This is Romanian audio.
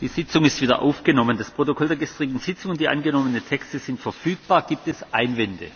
die sitzung ist wieder aufgenommen. das protokoll der gestrigen sitzung und die angenommenen texte sind verfügbar. gibt es einwände?